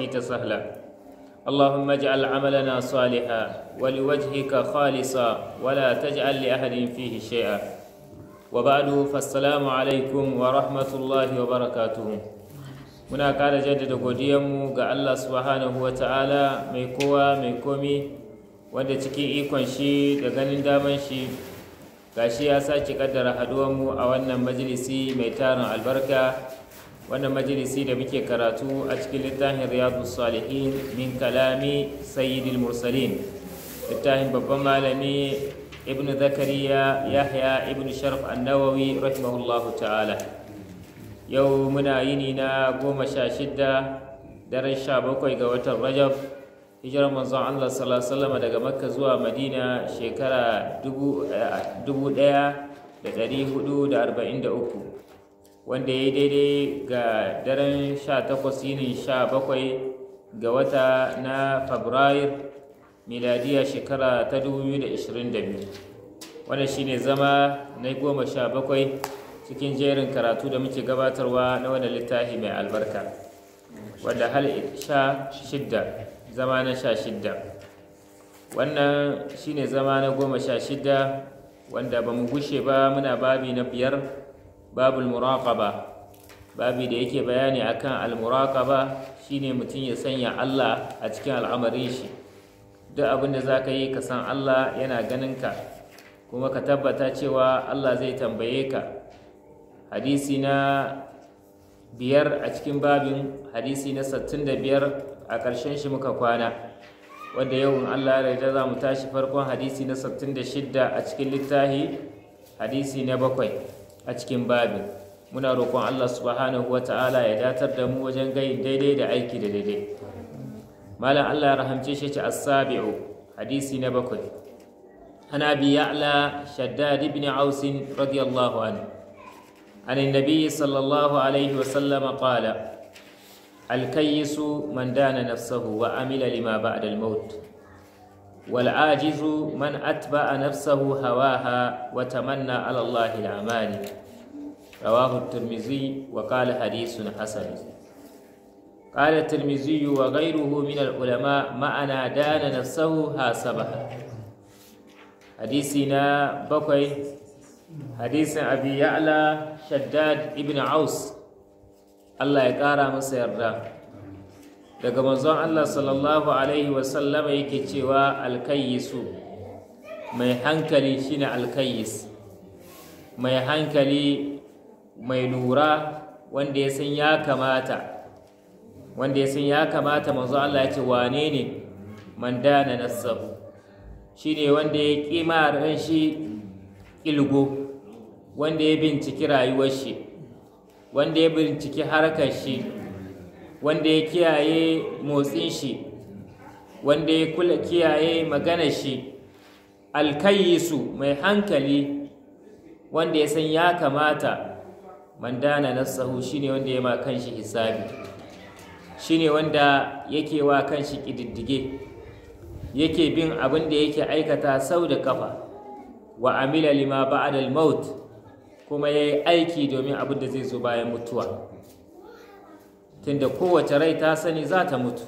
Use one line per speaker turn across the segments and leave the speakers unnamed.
شئت سهلا اللهم اجعل عملنا صالحا ولوجهك خالصا ولا تجعل لأهل فيه شيئا وبعد فالسلام عليكم ورحمة الله وبركاته muna ƙara jaddada godiyanmu ga Allah subhanahu wa ta'ala mai kowa mai komi wanda cikin ikon shi da ganin daman shi gashi ya sake kaddara haduwanmu a wannan majalisi mai tarin albarka wannan majalisi da muke karatu a cikin littafin riyadu salihin min kalami sayyidil mursalin littafin babban malami ibn zakariya yahya ibn sharaf annawawi rahimahullah ta'ala yau muna yini na goma sha shidda daren sha bakwai ga watan rajab hijirar manzon allah sallallahu daga makka zuwa madina shekara dubu eh, ɗaya da hudu da arba'in da uku wanda ya yi daidai ga daren 18 yinin 17 ga wata na fabrair miladiya shekara ta 2022 wanda shine zama na goma sha bakwai cikin jerin karatu da muke gabatarwa na wanda littafi mai albarka wanda hal sha shidda zama na sha shidda wannan shine zama na goma sha shidda wanda ba mu gushe ba muna babi na biyar babul muraqaba babi da yake bayani akan al-muraqaba shine mutum ya sanya Allah a cikin al'amarin shi duk abin da zaka yi ka san Allah yana ganin ka kuma ka tabbata cewa Allah zai tambaye ka hadisi na biyar a cikin babin hadisi na 65 a ƙarshen shi muka kwana wanda yau in Allah ya yarda za mu tashi farkon hadisi na 66 a cikin littafi hadisi na bakwai a cikin babin muna roƙon Allah subhanahu wata'ala ya datar da mu wajen gai daidai da aiki da daidai malam Allah ya rahamce shi ta as hadisi na bakwai ana bi ya'la shaddad ibn aus radiyallahu anhu عن النبي صلى الله عليه وسلم قال الكيس من دان نفسه وعمل لما بعد الموت والعاجز من أتبع نفسه هواها وتمنى على الله الأماني رواه الترمذي وقال حديث حسن قال الترمذي وغيره من العلماء معنى دان نفسه حاسبها حديثنا بقي حديث أبي يعلى شداد ابن عوس الله يقارى مسير daga manzon Allah sallallahu alaihi wasallama yake cewa alkayisu mai hankali shine alkayis mai hankali mai lura wanda ya san ya kamata wanda ya san ya kamata manzo Allah ya ce wane ne man dana nasabu shine wanda ya kima ran shi ilgo wanda ya binciki rayuwar shi wanda ya binciki harkar shi wanda ya kiyaye motsin shi wanda ya kula kiyaye magana shi alkayisu mai hankali wanda ya san ya kamata mandana sahu shine wanda ya ma kanshi hisabi shine wanda yake wa kanshi kididdige yake bin abin da yake aikata sau da kafa wa amila lima ba'da al-maut kuma yayi aiki domin abin da zai zo bayan mutuwa tunda kowace rai ta sani za ta mutu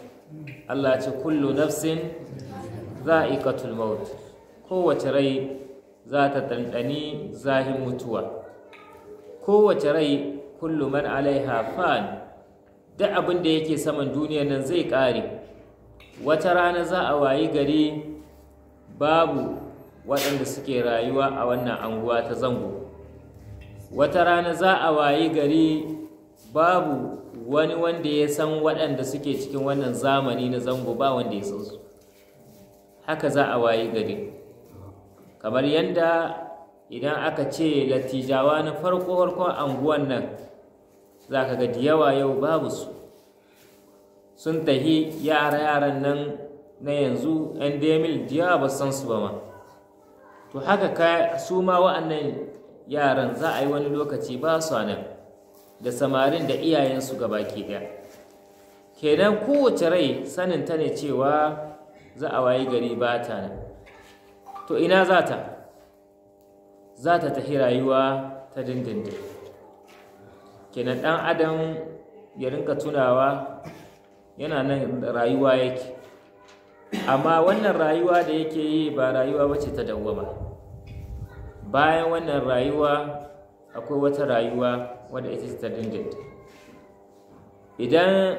Allah ce kullu nafsin za a ika maut kowace rai za ta ɗanɗani zahin mutuwa kowace rai kullu man alaiha fan duk abin da yake saman duniyar nan zai ƙare wata rana za a wayi gari babu waɗanda suke rayuwa a wannan anguwa ta zango wata rana za a wayi gari babu wani wanda ya san waɗanda suke cikin wannan zamani na zango ba wanda ya san su haka za a wayi gari kamar yadda idan aka ce latijawa na farko farkon anguwan nan za ka ga yawa yau babu su sun tahi yara-yaran nan na yanzu yan demil diyawa ba san su ba ma to haka ka su ma wa'annan yaran za a yi wani lokaci ba su nan da samarin da iyayensu baki ɗaya kenan kowace rai sanin ta ne cewa za a wayi gari ba ta nan to ina za ta za ta tafi rayuwa ta dindindin kenan ɗan adam ya rinka tunawa yana nan rayuwa yake amma wannan rayuwa da yake yi ba rayuwa bace ta dawwama bayan wannan rayuwa akwai wata rayuwa wadda ita ta dindinta idan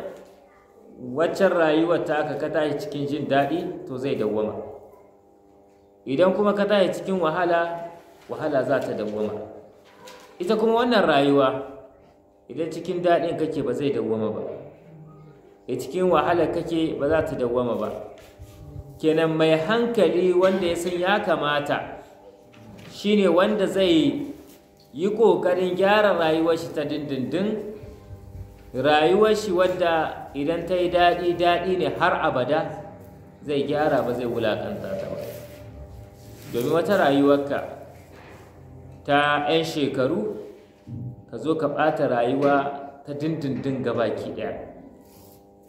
waccan rayuwar ta aka ka tashi cikin jin daɗi to zai dawwama idan kuma ka tashi cikin wahala wahala za ta dawwama ita kuma wannan rayuwa idan cikin daɗin kake ba zai dawwama ba a cikin wahala kake ba za ta dawwama ba kenan mai hankali wanda ya san ya kamata shine wanda zai yi ƙoƙarin gyara rayuwar shi ta dindindin rayuwar shi wadda idan ta yi daɗi daɗi ne har abada zai gyara ba zai wulaƙanta ta ba domin wata rayuwarka ta 'yan shekaru ka zo ka ɓata rayuwa ta dindindin gabaki ɗaya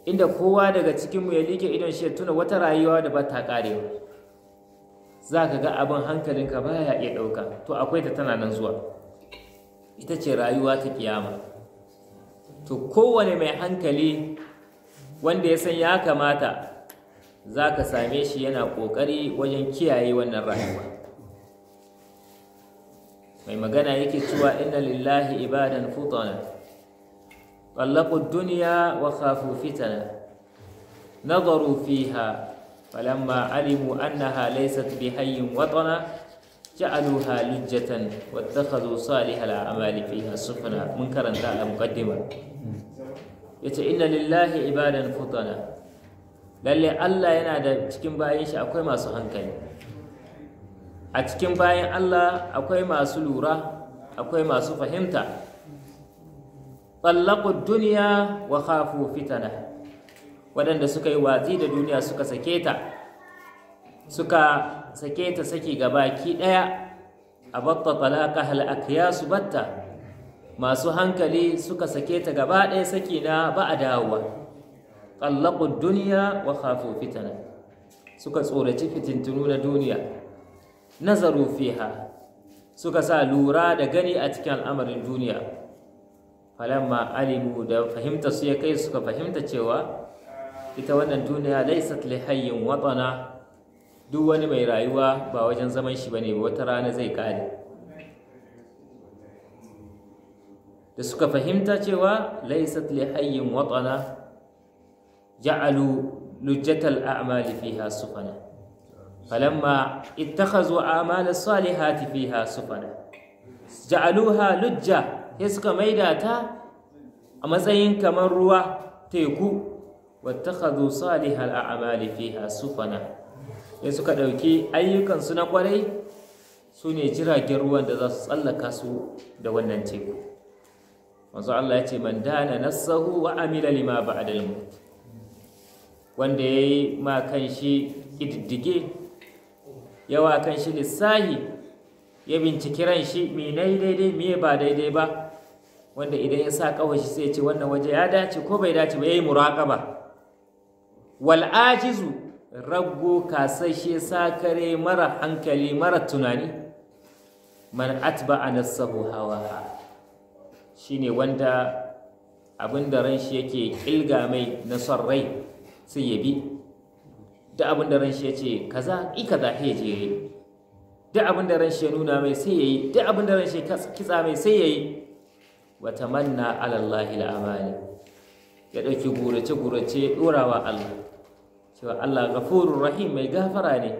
inda kowa daga cikinmu ya liƙe idon shi ya tuna wata rayuwa da ba ta ƙarewa za ka ga abin hankalinka ya iya ɗauka to akwai ta tana nan zuwa ita ce rayuwa ta kiyama to kowane mai hankali wanda ya san ya kamata za ka same shi yana ƙoƙari wajen kiyaye wannan rayuwa mai magana yake cewa inna lillahi ibadan futana طلقوا الدنيا وخافوا فتنة Falama فيها فلما علموا أنها ليست بحي watana. ja'aluha lijjatan wattakhadhu salihal a'mali fiha sufana mun karanta a muqaddima yace inna lillahi ibadan futana lalle Allah yana da cikin bayan shi akwai masu hankali a cikin bayan Allah akwai masu lura akwai masu fahimta Tsallaku duniya wa khafu fitana waɗanda suka yi watsi da duniya suka sake ta suka sake ta saki gabaki ɗaya a batta talaka hal'akiya su batta masu hankali suka sake ta gaba ɗaya saki na ba a dawowa ƙallaƙun duniya wa fitana suka tsoraci fitintunu na duniya nazaru fiha suka sa lura da gani a cikin al'amarin duniya falamma alimu da fahimta su ya kai suka fahimta cewa ita wannan duniya laisat lihayyin hayyin watana duk wani mai rayuwa ba wajen zaman shi bane wata rana zai kare da suka fahimta cewa laysat li hayyin watana ja'alu lujjatal a'mali fiha sufana falamma ittakhazu a'mal as-salihati fiha sufana ja'aluha lujja sai suka maida ta a matsayin kamar ruwa teku wattakhadhu salihal a'mali fiha sufana in suka ɗauki ayyukansu na kwarai su ne jiragen ruwan da za su tsallaka su da wannan teku wanzu Allah ya ce man dana nassahu wa amila lima ba'da al-maut wanda yayi ma kan shi ƙididdige yawa kan shi lissahi ya binciki ran shi me daidai me ba daidai ba wanda idan ya sa kawai shi sai ce wannan waje ya dace ko bai dace ba ya yi muraƙa wal ajizu raggo kasashe sakare mara hankali mara tunani man atba'a nassahu hawaha shine wanda abinda ran shi yake kilga mai na son rai sai ya bi da abinda ran shi yace kaza i kaza ya je da abinda ran shi ya nuna mai sai yayi da abinda ran shi kitsa mai sai yayi wa tamanna ala allahi al-amani ya dauki gurace gurace dorawa Allah cewa Allah ghafurur rahim mai gafara ne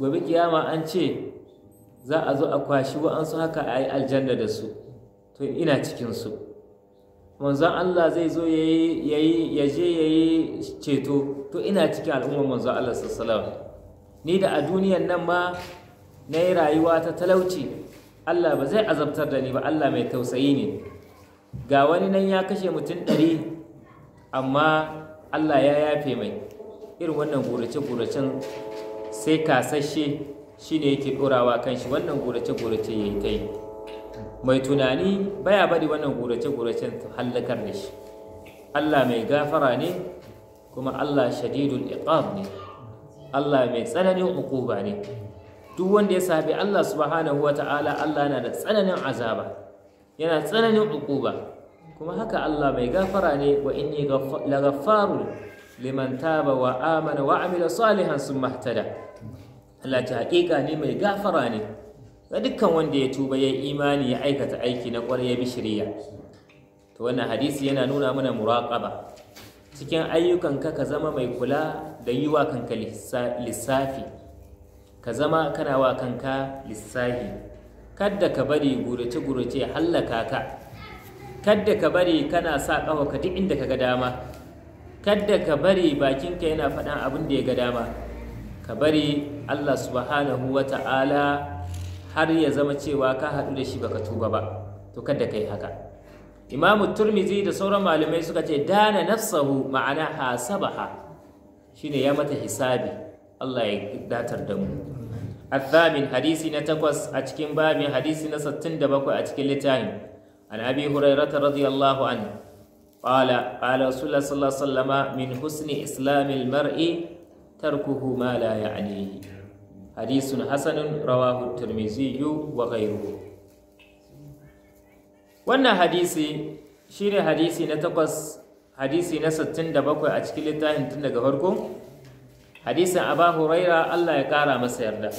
gobe kiyama an ce za a zo a kwashi wa'ansu haka a yi aljanna da su to ina cikinsu manzon Allah zai zo ya yi ya je ya yi ceto to ina cikin al'ummar manzon Allah sallallahu ni da a duniyan nan ma na rayuwa ta talauci Allah ba zai azabtar da ni ba Allah mai tausayi ne ga wani nan ya kashe mutum ɗari amma Allah ya yafe mai irin wannan gurace-guracen sai kasashe shi ne yake ɗorawa kan shi wannan gurace-gurace ya yi ta yi mai tunani baya bari wannan gurace-guracen hallakar da shi allah mai gafara ne kuma allah shadidul iqab ne allah mai tsananin ukuba ne duk wanda ya sabi allah subhanahu wata'ala allah na da tsananin azaba yana tsananin ukuba kuma haka allah mai gafara ne wa inni la liman taba wa amana wa amila salihan sun mahtada Allah ta haƙiƙa ne mai gafara ne ga dukkan wanda ya tuba ya imani ya aikata aiki na ƙwarai ya bi shirya to wannan hadisi yana nuna mana muraƙaba cikin ayyukan ka ka zama mai kula da yi wa kanka lissafi ka zama kana wa kanka lissafi kadda ka bari gurace-gurace hallaka ka kadda ka bari kana sa ƙafa ka duk inda ka ga dama kadda ka bari bakinka yana faɗan abin da ya ga dama ka bari Allah subhanahu wa ta'ala har ya zama cewa ka haɗu da shi baka tuba ba to kadda ka yi haka imamu turmizi da sauran malamai suka ce dana nafsahu ma'ana hasabaha shine ya mata hisabi Allah ya datar da mu الثامن حديث نتقص أتكين باب حديث sittin دبكو أتكين cikin عن أبي هريرة رضي الله عنه qala qala rasulullah sallallahu alaihi wasallam min husni islamil mar'i tarkuhu ma la ya'nihi hadisun hasanun rawahu tirmidhi wa ghayruhu wannan hadisi shine hadisi na takwas hadisi na da bakwai a cikin littafin tun daga farko hadisin aba huraira Allah ya ƙara masa yarda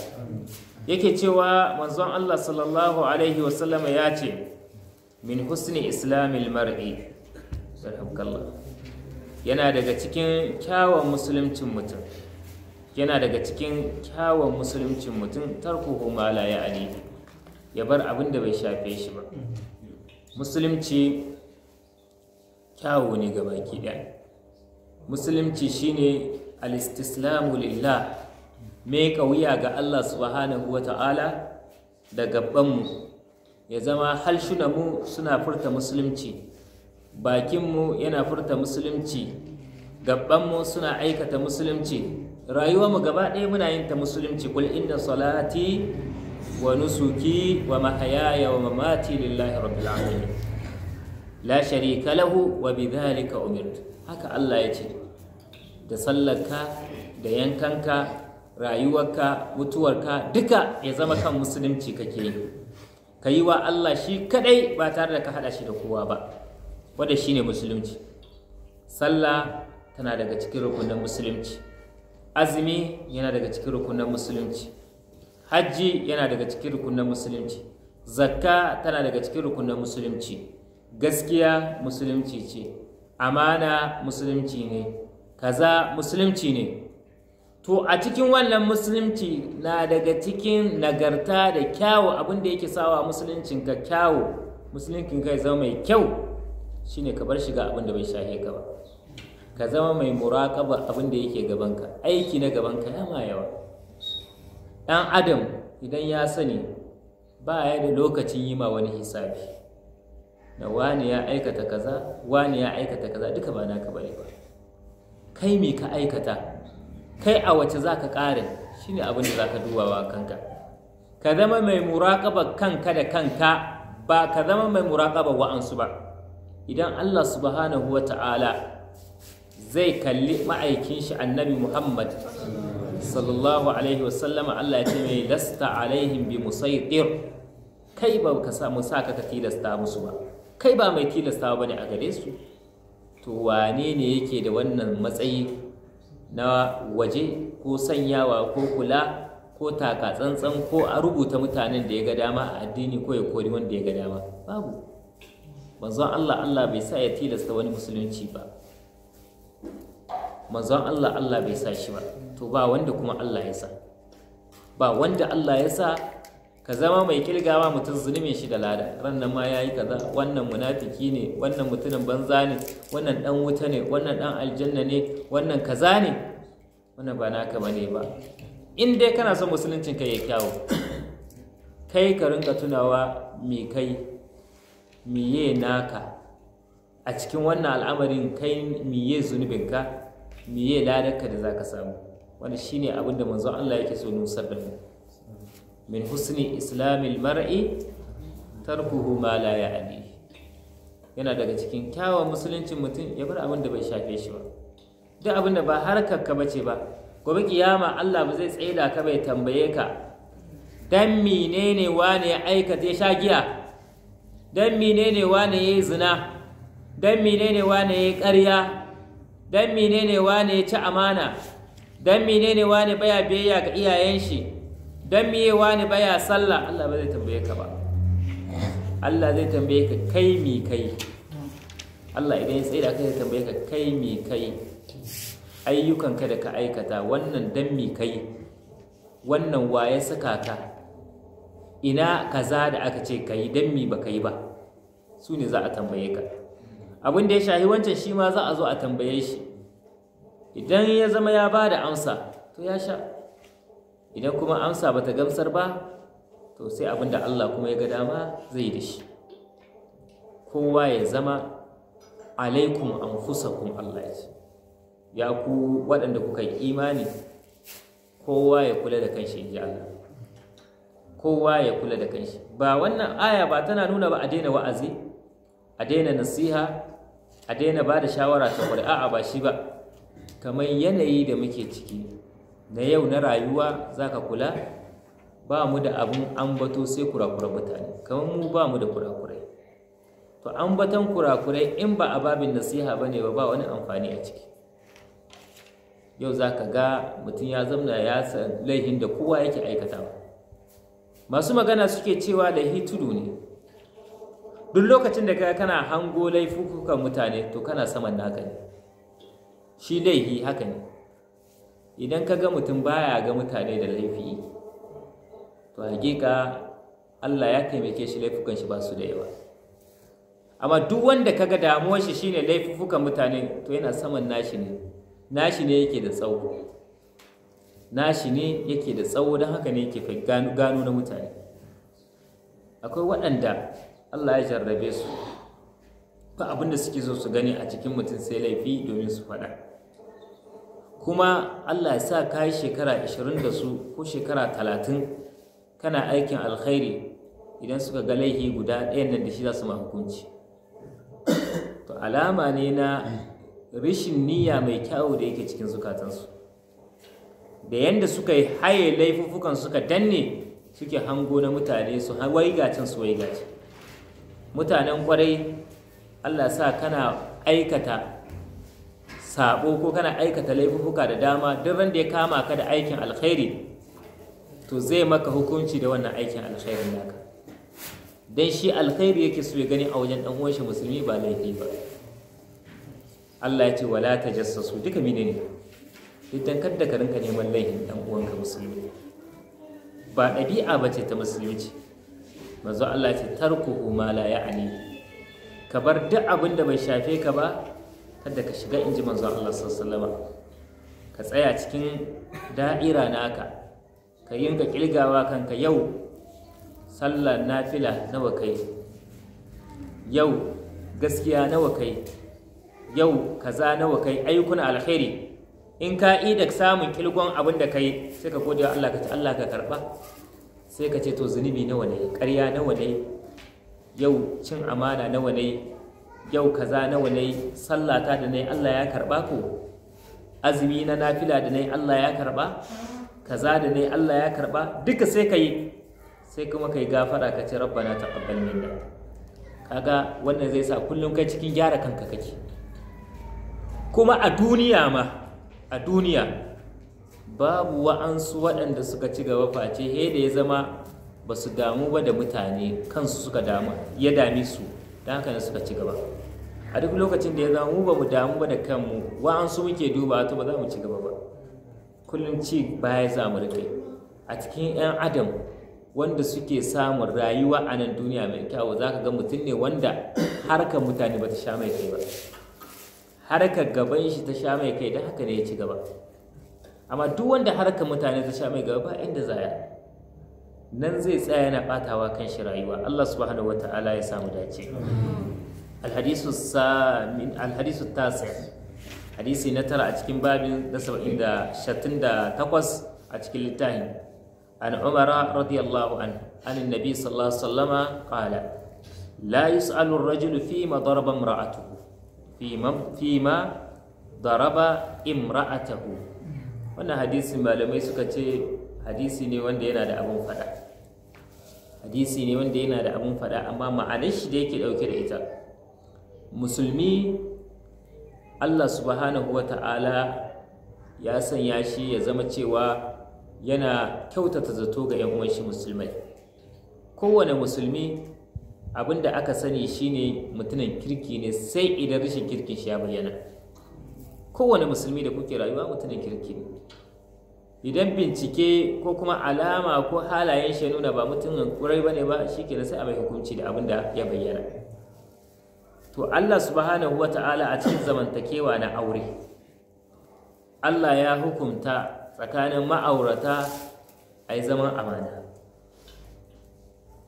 yake cewa manzon Allah sallallahu alaihi wasallama ya ce min husni islamil mar'i yana daga cikin kyawun musuluncin mutum yana daga cikin kyawun musuluncin mutum tarkuhu ya alihi ya bar abin da bai shafe shi ba musulunci kyawo ne ga baki musulunci shine alistislamu lillah me kauya ga Allah subhanahu wa ta'ala da gabanmu ya zama da mu suna furta musulunci bakinmu yana furta musulunci gabanmu suna aikata musulunci rayuwarmu gaba ɗaya muna yin ta musulunci kul inda salati wa nusuki wa mahayaya wa mamati lillahi rabbil alamin la sharika lahu wa bidhalika umirtu haka Allah ya ce da sallarka da yankanka rayuwarka mutuwarka duka ya zama kan musulunci kake yi ka wa Allah shi kadai ba tare da ka hada shi da kowa ba wanda shine musulunci sallah tana daga cikin rukunin musulunci azumi yana daga cikin rukunin musulunci hajji yana daga cikin rukunin musulunci zakka tana daga cikin rukunin musulunci gaskiya musulunci ce amana musulunci ne kaza musulunci ne to a cikin wannan musulunci na daga cikin nagarta da kyawu abinda da yake sawa musuluncin ka kyawu musuluncin ka zama mai kyau ne ka bar shiga abin da bai shahe ka ba ka zama mai muraƙaba abin da yake gabanka aiki na gabanka ka ma yawa ɗan adam idan ya sani ba ya da lokacin yi ma wani hisabi na wani ya aikata kaza wani ya aikata kaza duka ba naka bane ba kai me ka aikata kai a wace za ka ƙare ne abin da za ka dubawa kanka ka zama mai muraƙaba kanka da kanka ba ka zama mai muraƙaba wa'ansu ba idan Allah subhanahu wa ta'ala zai kalli ma'aikin shi annabi Muhammad sallallahu alaihi wasallama Allah ya ce mai lasta alaihim bi musaitir kai ba ka samu sa ka tilasta musu ba kai ba mai tilasta ba ne a gare su to wane ne yake da wannan matsayi na waje ko sanyawa ko kula ko taka tsantsan ko a rubuta mutanen da ya ga dama a addini ko ya kori wanda ya ga dama babu manzon Allah Allah bai sa ya tilasta wani musulunci ba manzon Allah Allah bai sa shi ba to ba wanda kuma Allah ya sa ba wanda Allah ya sa ka zama mai kirgawa mutum zulumin shi da lada ran nan ma yayi kaza wannan munafiki ne wannan mutumin banza ne wannan dan wuta ne wannan dan aljanna ne wannan kaza ne wannan ba naka bane ba in dai kana son musuluncin ka ya kyawo kai ka rinka tunawa me kai miye naka a cikin wannan al'amarin kai miye zunubinka miye ladarka da za ka samu wanda shine ne abinda manzo Allah yake so nusar da mu min husni islamil mar'i tarkuhu ma la ya'ni yana daga cikin kyawawan musuluncin mutum ya bar abin bai shafe shi ba duk abinda ba harkar ka bace ba gobe kiyama Allah ba zai tsaida ka bai tambaye ka dan menene wane ya aikata ya sha giya don ne wane ya yi zina don ne wane ya yi ƙarya don ne wane ya ci amana don ne wane baya biyayya ga iyayen shi don miye wane baya sallah Allah ba zai tambaye ka ba Allah zai tambaye ka kai mi kai Allah idan ya tsira da kai zai tambaye ka kai mi kai ayyukanka da ka aikata wannan don mi kai wannan waye saka ka ina kaza da aka ce ka yi don mi ba kai ba su ne za a tambaye ka abin da ya shahi wancan shi ma za a zo a tambaye shi idan ya zama ya ba da amsa to ya sha idan kuma amsa bata gamsar ba to sai abin da Allah kuma ya ga dama zai da shi kowa ya zama alaikum anfusakum Allah ce ya ku waɗanda kuka yi imani kowa ya kula da kanshi inji Allah kowa ya kula da kanshi ba wannan aya ba tana nuna ba a daina wa'azi a daina nasiha a daina ba da shawara ta ƙuri'a. a'a ba shi ba kamar yanayi da muke ciki na yau na rayuwa za ka kula ba mu da abin ambato sai kurakuran mutane kamar mu ba mu da kurakurai to ambaton kurakurai in ba a babin nasiha ba ne ba ba wani amfani a ciki yau za ka ga mutum ya zamna ya san laihin da kowa yake aikatawa masu magana suke cewa laihi tudu ne duk lokacin da kaga kana hango laifukan mutane to kana saman naka ne shi laifi haka ne idan ka ga mutum baya ga mutane da laifi to hakika Allah ya taimake shi laifukan shi ba su da yawa amma duk wanda ga damuwar shi shine laifukan mutane to yana saman nashi ne nashi ne yake da tsawo nashi ne yake da tsawo don haka ne yake gano na mutane akwai waɗanda Allah ya jarrabe su ba abin da suke so su gani a cikin mutum sai laifi domin su faɗa kuma Allah ya sa ka yi shekara 20 da su ko shekara 30 kana aikin alkhairi idan suka ga laifi guda ɗayan nan da shi za su ma hukunci to alama ne na rishin niyya mai kyau da yake cikin zukatansu da yanda suka yi haye laifuffukan suka danne suke hango na mutane su wai gacin su wai mutanen kwarai Allah sa kana aikata sabo ko kana aikata laifuka da dama duk ya kama ka da aikin alkhairi to zai maka hukunci da wannan aikin alkhairi naka dan shi alkhairi yake so ya gani a wajen dan uwan shi musulmi ba laifi ba Allah ya ce wala tajassasu duka ne, idan kadda ka rinka neman laifin dan uwanka musulmi ba ɗabi'a bace ta musulunci manzo Allah ya ce tarkuhu ma la ya'ni ka bar duk abin da bai shafe ka ba kada ka shiga inji manzo Allah sallallahu alaihi ka tsaya cikin da'ira naka ka yinka kilgawa kanka yau sallar nafila nawa kai yau gaskiya nawa kai yau kaza nawa kai ayyukan alkhairi in ka idak samun kilgon abin da kai sai ka gode wa Allah ka ci Allah ka karba sai ka ce to zunubi nawa ne ƙarya nawa ne yau cin amana nawa ne yau kaza nawa ne sallata da ne Allah ya karba ko azumi na nafila da ne Allah ya karba kaza da ne Allah ya karba duka sai ka yi sai kuma ka yi gafara ka ce rabbana taqabbal minna kaga wannan zai sa kullum kai cikin gyara kanka kake kuma a duniya ma a duniya babu wa'ansu waɗanda suka ci gaba face he da ya zama ba su damu ba da mutane kansu suka damu ya dami su don haka ne suka ci gaba a duk lokacin da ya zama mu ba mu damu ba da kanmu wa'ansu muke duba to ba za mu ci gaba ba kullum ci baya za mu rike a cikin 'yan adam wanda suke samun rayuwa a nan duniya mai kyau za ka ga mutum ne wanda harkar mutane ba ta sha mai kai ba harkar gaban shi ta sha mai kai don haka ne ya ci gaba amma duk wanda harkar mutane ta sha mai gaba ba inda zaya nan zai tsaya yana batawa kan shi rayuwa Allah subhanahu wataala ya samu dace alhadisu samin alhadisu hadisi na tara a cikin babin na saba'in da shatin da takwas a cikin littafin an umara radiyallahu an an nabi sallallahu alaihi wasallama qala la yus'alu ar-rajulu fi ma daraba imra'atuhu fi ma fi ma daraba imra'atahu wannan hadisin malamai suka ce hadisi ne wanda yana da abin fada hadisi ne wanda yana da abin fada amma ma'anar shi da yake dauke da ita musulmi Allah subhanahu wa ta'ala ya sanya shi ya zama cewa yana kyautata zato ga 'yan uwan shi musulmai kowane musulmi abin da aka sani shine mutunan kirki ne sai idan rashin kirkin shi ya bayyana kowane musulmi da kuke rayuwa mutunan kirki ne idan bincike ko kuma alama ko halayen shi nuna ba mutumin kurai ba ne ba shi ke sai a mai hukunci da abin da ya bayyana to Allah subhanahu wa ta'ala a cikin zamantakewa na aure Allah ya hukunta tsakanin ma'aurata a yi zaman amana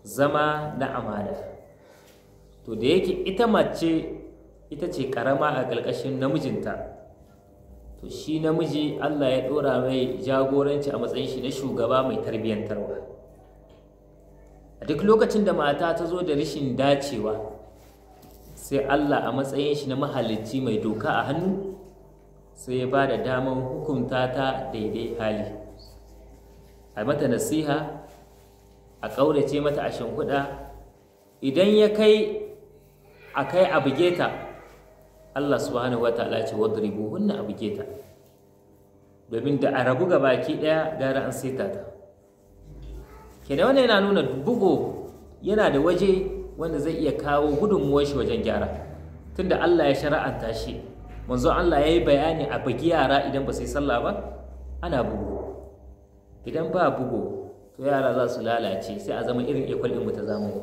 zama na amana to da yake ita mace ita ce karama a ƙarƙashin namijinta to shi namiji Allah ya ɗora mai jagoranci a matsayin shi na shugaba mai tarbiyyantarwa a duk lokacin da mata ta zo da rashin dacewa sai Allah a matsayin shi na mahalicci mai doka a hannu sai ya ba da damar hukunta ta daidai hali a mata nasiha a ƙaurace mata a shimfiɗa idan ya kai a kai a bugeta, Allah subhanahu wa ta'ala ce wadribuhunna abgeta domin da a ragu ga baki ɗaya gara an saita ta kenan wannan yana nuna bugu yana da waje wanda zai iya kawo gudunmuwar shi wajen gyara tunda Allah ya shara'anta shi manzo Allah ya yi bayani a bagi yara idan ba su yi sallah ba ana bugu idan ba bugu to yara za su lalace sai a zama irin ekwal ɗin ta zamani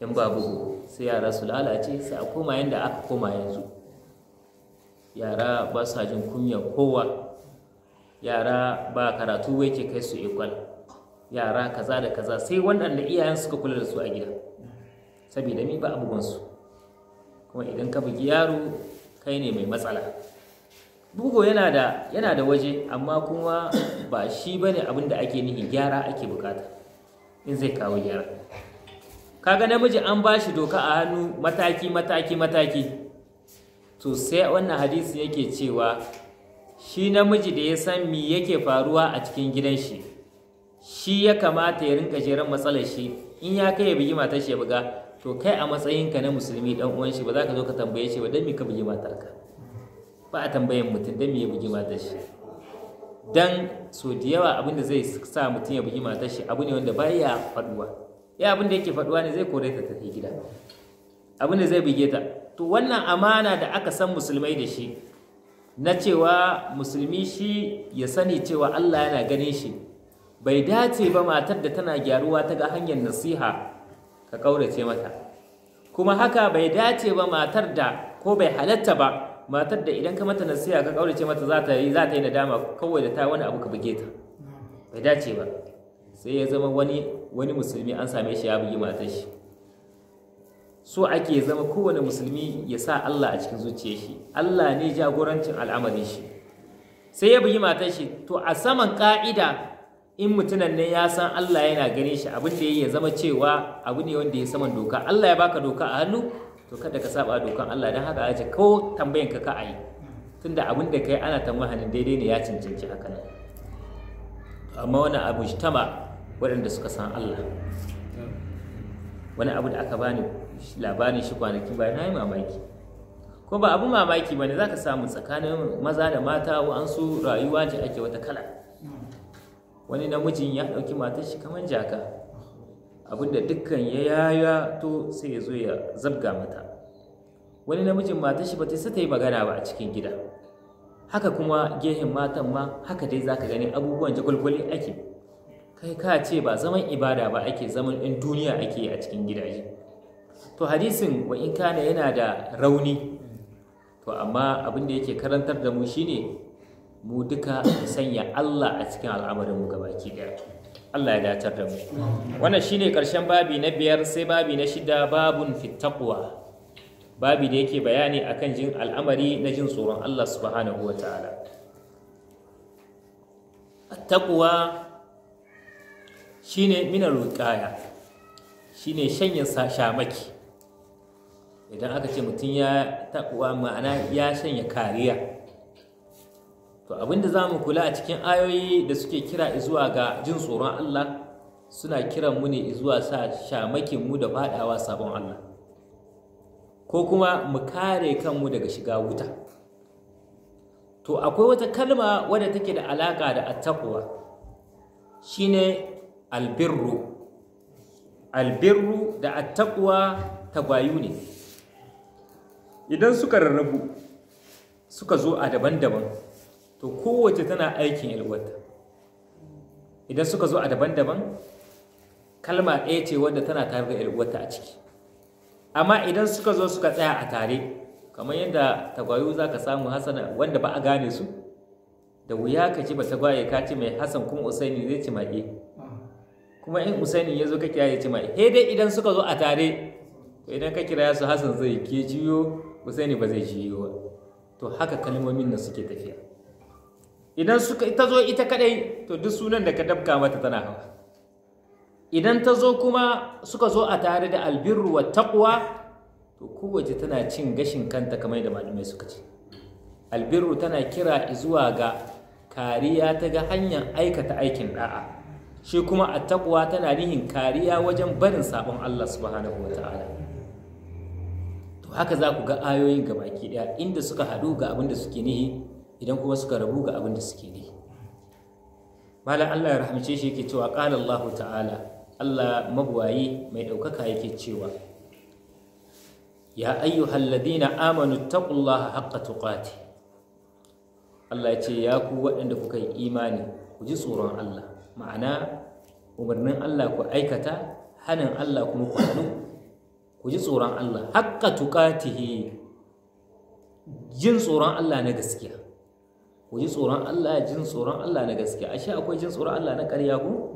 in ba bugu sai yara su lalace sai a koma yadda aka koma yanzu yara ba sa jin kunya kowa yara ba karatu wai ke kai su ikwal yara kaza da kaza sai da iyayen suka kula da su a gida saboda mi ba su kuma idan ka bugi yaro kai ne mai matsala bugu yana da yana da waje amma kuma ba shi bane abin da ake nihi gyara ake bukata in zai kawo gyara kaga namiji an bashi doka a hannu mataki mataki mataki to sai wannan hadisi yake cewa shi namiji da ya san me yake faruwa a cikin gidan shi shi ya kamata ya rinka jeran matsalar shi in ya kai ya bugi matar shi ya buga to kai a matsayinka na musulmi dan uwan shi ba za ka zo ka tambaye shi ba dan me ka bugi matarka ba a tambayan mutum dan me ya bugi matar shi dan so da yawa abin da zai sa mutum ya bugi matar shi abu ne wanda baya faduwa ya abin da yake faduwa ne zai kore ta tafi gida abin da zai buge ta to wannan amana da aka san musulmai da shi na cewa musulmi shi ya sani cewa Allah yana ganin shi bai dace ba matar da tana gyaruwa ta ga hanyar nasiha ka ƙaurace mata kuma haka bai dace ba matar da ko bai halatta ba matar da idan ka mata nasiha ka kaurace mata za ta yi za ta yi nadama kawai da ta wani abu ka buge ta bai dace ba sai ya zama wani wani musulmi an same shi ya bugi matar shi so ake zama kowane musulmi ya sa Allah a cikin zuciyar shi Allah ne jagorancin al'amarin shi sai ya bugi matar shi to a saman ka'ida in mutunan nan ya san Allah yana gane shi abin da ya zama cewa abu ne wanda ya saman doka Allah ya baka doka a hannu to kada ka saba dokan Allah dan haka aje ko tambayan ka ka ayi tunda abin da kai ana tamahanin daidai ne ya cancanci haka nan amma wani abu tama waɗanda suka san Allah wani abu da aka bani labarin shi kwanaki ba na yi mamaki ko ba abu mamaki ba ne za ka samu tsakanin maza da mata an su rayuwa ce ake wata kala wani namijin ya ɗauki matar shi kamar jaka abinda dukkan ya yaya to sai ya zo ya zabga mata wani namijin matar shi ba ta ta yi magana ba a cikin gida haka kuma gehen matan ma haka dai za ka gani abubuwan jagwalgwali ake kai ka ce ba zaman ibada ba ake zaman yan duniya ake a cikin gidaje to hadisin wa in kana yana da rauni to amma abin da yake karantar da mu shine mu duka mu sanya Allah a cikin al'amarin mu gabaki daya Allah ya datar da mu wannan shine karshen babi na biyar sai babi na shida babun fit taqwa babi da yake bayani akan jin al'amari na jin tsoron Allah subhanahu wata'ala at-taqwa shine minar wiqaya shine shanye shamaki idan aka ce mutum ya taɓa ma'ana ya shanya kariya to abinda za mu kula a cikin ayoyi da suke kira izuwa ga jin tsoron Allah suna kiran mu ne zuwa sa shamakin mu da faɗawa sabon Allah ko kuma mu kare kanmu daga shiga wuta to akwai wata kalma wadda take da alaƙa da attaquwa shine albirru albirru da attaƙwa tagwayu ne idan suka rarrabu suka zo a daban-daban to kowace tana aikin yalwata idan suka zo a daban-daban kalma ɗaya ce wadda tana tare da yalwata a ciki amma idan suka zo suka tsaya a tare kamar yadda tagwayu za ka samu hasana wanda ba a gane su da wuya ka ci ba tagwaye ka ce mai hasan kuma usaini zai ci maƙe kuma in usaini ya zo ka kira ya ce mai he dai idan suka zo a tare to idan ka kira su hasan zai ke jiyo usaini ba zai jiyo ba to haka kalmomin nan suke tafiya idan suka ta zo ita kadai to duk sunan da ka dabka mata tana hawa idan ta zo kuma suka zo a tare da albirru wa taqwa to kowace tana cin gashin kanta kamar da malamai suka ce albirru tana kira zuwa ga kariya ta ga hanyar aikata aikin da'a shi kuma a takwa tana nihin kariya wajen barin sabon Allah subhanahu ta'ala. to haka za ku ga ayoyin ga baki ɗaya inda suka haɗu ga abin da suke nihi idan kuma suka rabu ga abin da suke nihi malam Allah ya rahamce shi yake cewa qala Allah ta'ala Allah mabuwayi mai ɗaukaka yake cewa ya ayyuhal ladina amanu taqullaha haqqa tuqati Allah ya ce ya ku waɗanda kuka yi imani ku ji tsoron Allah ma'ana umarnin Allah ku aikata hanin Allah kuma ku hannu ku ji tsoron Allah haƙƙa tuƙatihi jin tsoron Allah na gaskiya ku ji tsoron Allah jin tsoron Allah na gaskiya ashe akwai jin tsoron Allah na ƙarya ku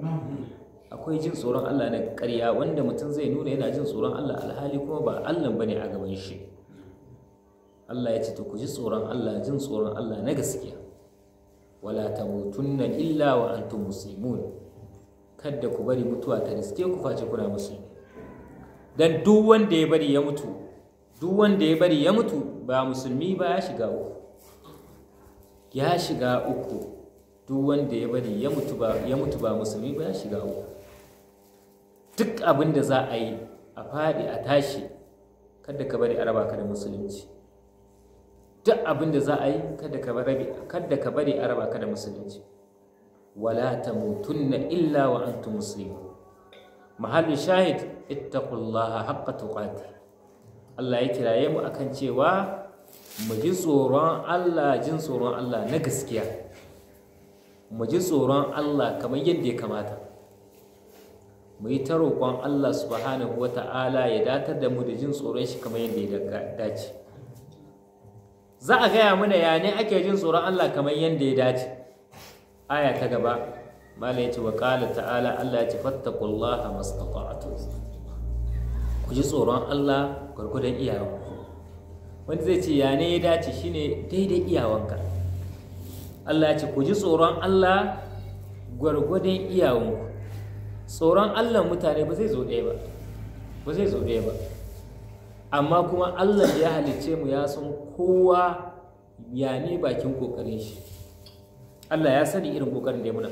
akwai jin tsoron Allah na ƙarya wanda mutum zai nuna yana jin tsoron Allah alhali kuma ba Allah bane a gaban shi Allah ya ce to ku ji tsoron Allah jin tsoron Allah na gaskiya wala tamutunna illa wa antum muslimun kadda ku bari mutuwa ta riske ku face kuna musulmi dan duk wanda ya bari ya mutu duk wanda ya bari ya mutu ba musulmi ba ya shiga uku ya shiga uku duk wanda ya bari ya mutu ba ya mutu ba musulmi ba ya shiga uku duk abin da za a yi a faɗi a tashi kadda ka bari araba ka da musulunci duk abin da za a yi kada ka bari a raba ka da musulunci wala tamutunna illa wa antum muslimun mahallu shahid ittaqullaha haqqa tuqati Allah ya kiraye mu akan cewa mu ji tsoron Allah jin tsoron Allah na gaskiya mu ji tsoron Allah kamar yadda ya kamata mu yi ta roƙon Allah subhanahu wata'ala ya datar da mu da jin tsoron shi kamar yadda ya dace za a gaya mana ya ne ake jin tsoron Allah kamar yadda ya dace aya ta gaba mala ya ce wa ƙala ta'ala Allah ya ce a mastata'atu ku ji tsoron Allah gwargwadon iyawanku wanda zai ce ya ne ya dace ne daidai iyawanka Allah ya ce ku ji tsoron Allah gwargwadon iyawanku tsoron Allah mutane ba zai zo ɗaya ba ba zai zo ɗaya ba amma kuma Allah ya halicce mu ya san kowa ya ne bakin kokarin shi Allah ya sani irin kokarin da ya muna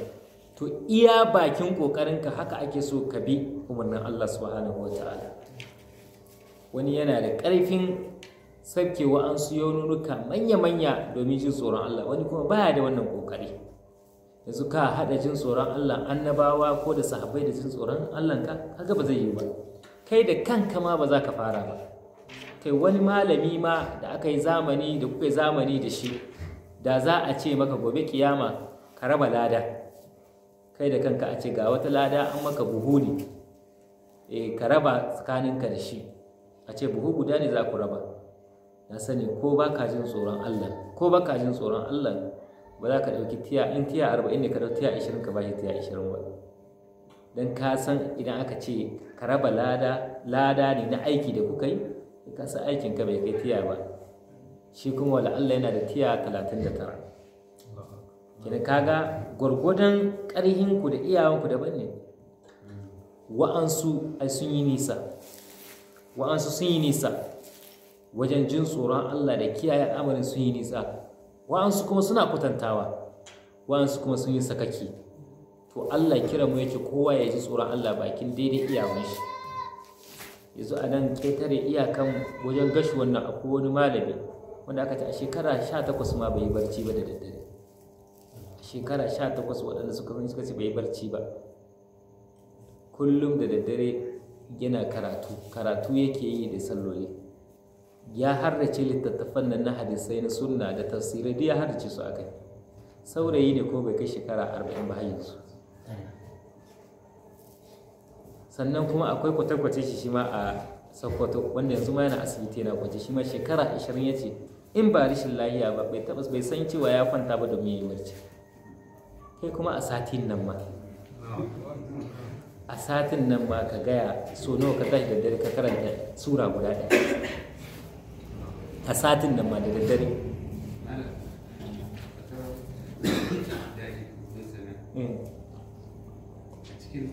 to iya bakin kokarin ka haka ake so ka bi umarnin Allah subhanahu ta'ala wani yana da ƙarfin wa an su nunuka manya-manya domin jin tsoron Allah wani kuma baya da wannan kokari yanzu ka haɗa jin tsoron Allah annabawa ko da sahabbai da jin tsoron Allah ka kaga ba zai yi ba kai da kanka ma ba za ka fara ba kai wani malami ma da aka yi zamani da kuka yi zamani da shi da za a ce maka gobe kiyama ka raba lada kai da kanka a ce ga wata lada an maka buhu ne e ka raba tsakaninka da shi a ce buhu guda ne za ku raba na sani ko ba ka jin tsoron Allah ko ba ka jin tsoron Allah ba za ka ɗauki tiya in tiya arba'in ne ka ɗauki tiya ashirin ka ba shi tiya ashirin ba don ka san idan aka ce ka raba lada lada ne na aiki da kuka yi kasa aikin ka bai kai tiya ba shi kuma wala Allah yana da tiya 39 kina kaga gwargwadon ƙarhin ku da iyawan ku daban ne wa'ansu ai sun yi nisa wa'ansu sun yi nisa wajen jin tsoron Allah da kiyaye al'amarin sun yi nisa wa'ansu kuma suna kwatantawa wa'ansu kuma sun yi sakaki to Allah kira mu yake kowa ya ji tsoron Allah bakin daidai iyawan shi yanzu a nan ƙetare iyakan wajen gashi wannan akwai wani malami wanda aka ce a shekara sha takwas ma bai yi barci ba da daddare a shekara sha takwas waɗanda suka zan suka ce bai yi barci ba kullum da daddare yana karatu karatu yake yi da salloli ya harrace littattafan nan na hadisai na sunna da tafsirai duk ya harrace su akai saurayi ne ko bai kai shekara arba'in ba yanzu sannan kuma akwai kwatakwace shi shi ma a sokoto wanda yanzu ma yana asibiti yana kwance shi ma shekara 20 ya ce in ba rashin lahiya ba bai tabbas bai san cewa ya kwanta ba domin ya yi barci kai kuma a satin nan ma a satin nan ma ka gaya so nawa ka tashi da dare ka karanta sura guda ɗaya a satin nan ma da daddare cikin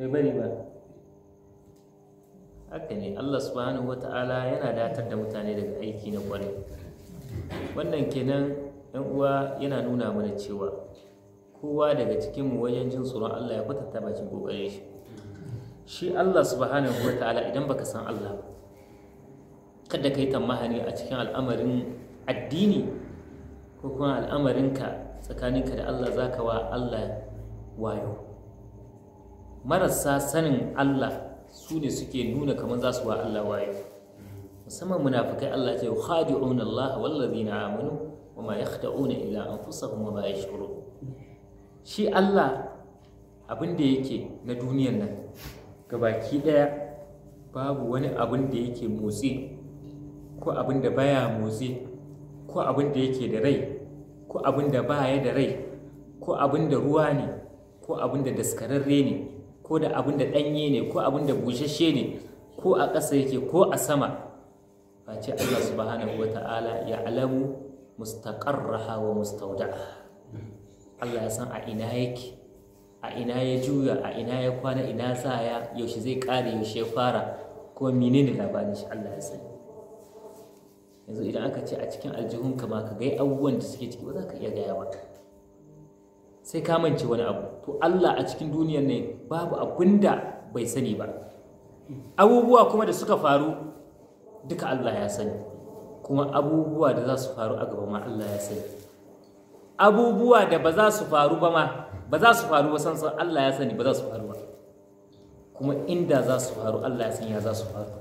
bai bari ba haka ne Allah subhanahu ta'ala yana datar da mutane daga aiki na kwarai wannan kenan yan uwa yana nuna mana cewa kowa daga cikinmu wajen jin tsoron Allah ya kwatanta bakin kokarin shi shi Allah subhanahu ta'ala idan baka san Allah kada ka yi tamahani a cikin al'amarin addini ko kuma al'amarinka tsakaninka da Allah zaka wa Allah wayo marasa sanin Allah su ne suke nuna kamar za su wa Allah wayo musamman munafikai Allah ce khadi'un Allah wallazina amanu wa ma yakhda'una illa anfusahum wa ma shi Allah abin da yake na duniyar nan gabaki daya babu wani abin da yake motsi ko abin da baya motsi ko abin da yake da rai ko abin da baya da rai ko abin da ruwa ne ko abin da daskararre ne ko da abin da ɗanye ne ko abin da bushashe ne ko a ƙasa yake ko a sama ce Allah subhanahu wa ta'ala ya alamu mustaƙarraha wa musta'udaa. Allah ya san a ina yake a ina ya juya a ina ya kwana ina za ya yaushe zai ƙare yaushe ya fara kuma menene labarin shi Allah ya sani yanzu idan aka ce a cikin aljihunka ma ka gai abubuwan da suke ciki ba za ka iya gaya ba sai ka mance wani abu to Allah a cikin duniyar ne babu abin da bai sani ba abubuwa kuma da suka faru duka Allah ya sani kuma abubuwa da za su faru a gaba ma Allah ya sani abubuwa da ba za su faru ba ma ba za su faru ba san san Allah ya sani ba za su faru ba kuma inda za su faru Allah ya sani ya za su faru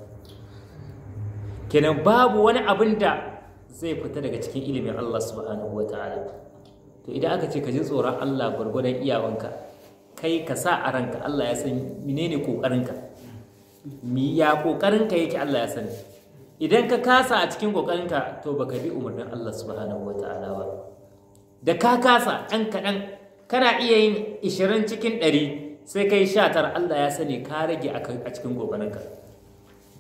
kenan babu wani abin da zai fita daga cikin ilimin Allah subhanahu wa to idan aka ce ka ji tsoron Allah gwargwadon iyawanka kai ka sa a ranka Allah ya san menene kokarinka mi ya kokarinka yake Allah ya sani idan ka kasa a cikin kokarinka to baka bi umarnin Allah subhanahu wataala ba da ka kasa ɗan kaɗan kana iya yin ishirin cikin ɗari sai kai sha tar Allah ya sani ka rage a cikin kokarinka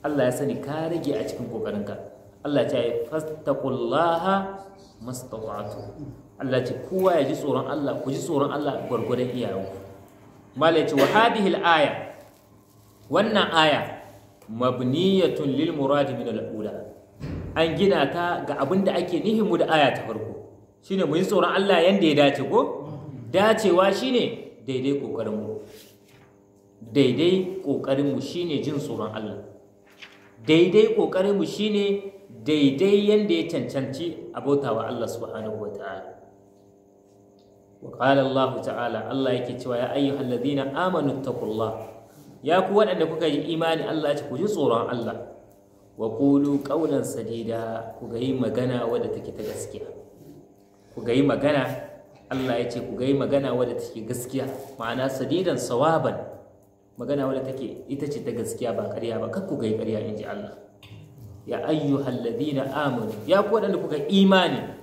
Allah ya sani ka rage a cikin kokarinka Allah ya ce fastaqullaha mastata'tu Allah ce kowa ya ji tsoron Allah ku ji tsoron Allah gwargwadon iyayenku malai ce wa hadihil aya wannan aya mabniyatun lil muradi min al an gina ta ga abinda da ake mu da aya ta farko shine mu ji tsoron Allah yanda ya dace ko dacewa shine daidai kokarin mu daidai kokarin mu shine jin tsoron Allah daidai kokarin mu shine daidai yanda ya cancanci wa Allah subhanahu wataala wa qala Allah ta'ala Allah yake cewa ya ayyuhal ladina amanu taqullah ya ku waɗanda kuka yi imani Allah ya ce ku ji tsoron Allah wa qulu qawlan sadida ku magana wadda ta gaskiya ku magana Allah ya ce ku magana wadda gaskiya ma'ana sadidan sawaban magana wadda take ta gaskiya ba karya ba kar ku ga in ji Allah ya ayyuhal ladina amanu ya ku waɗanda kuka imani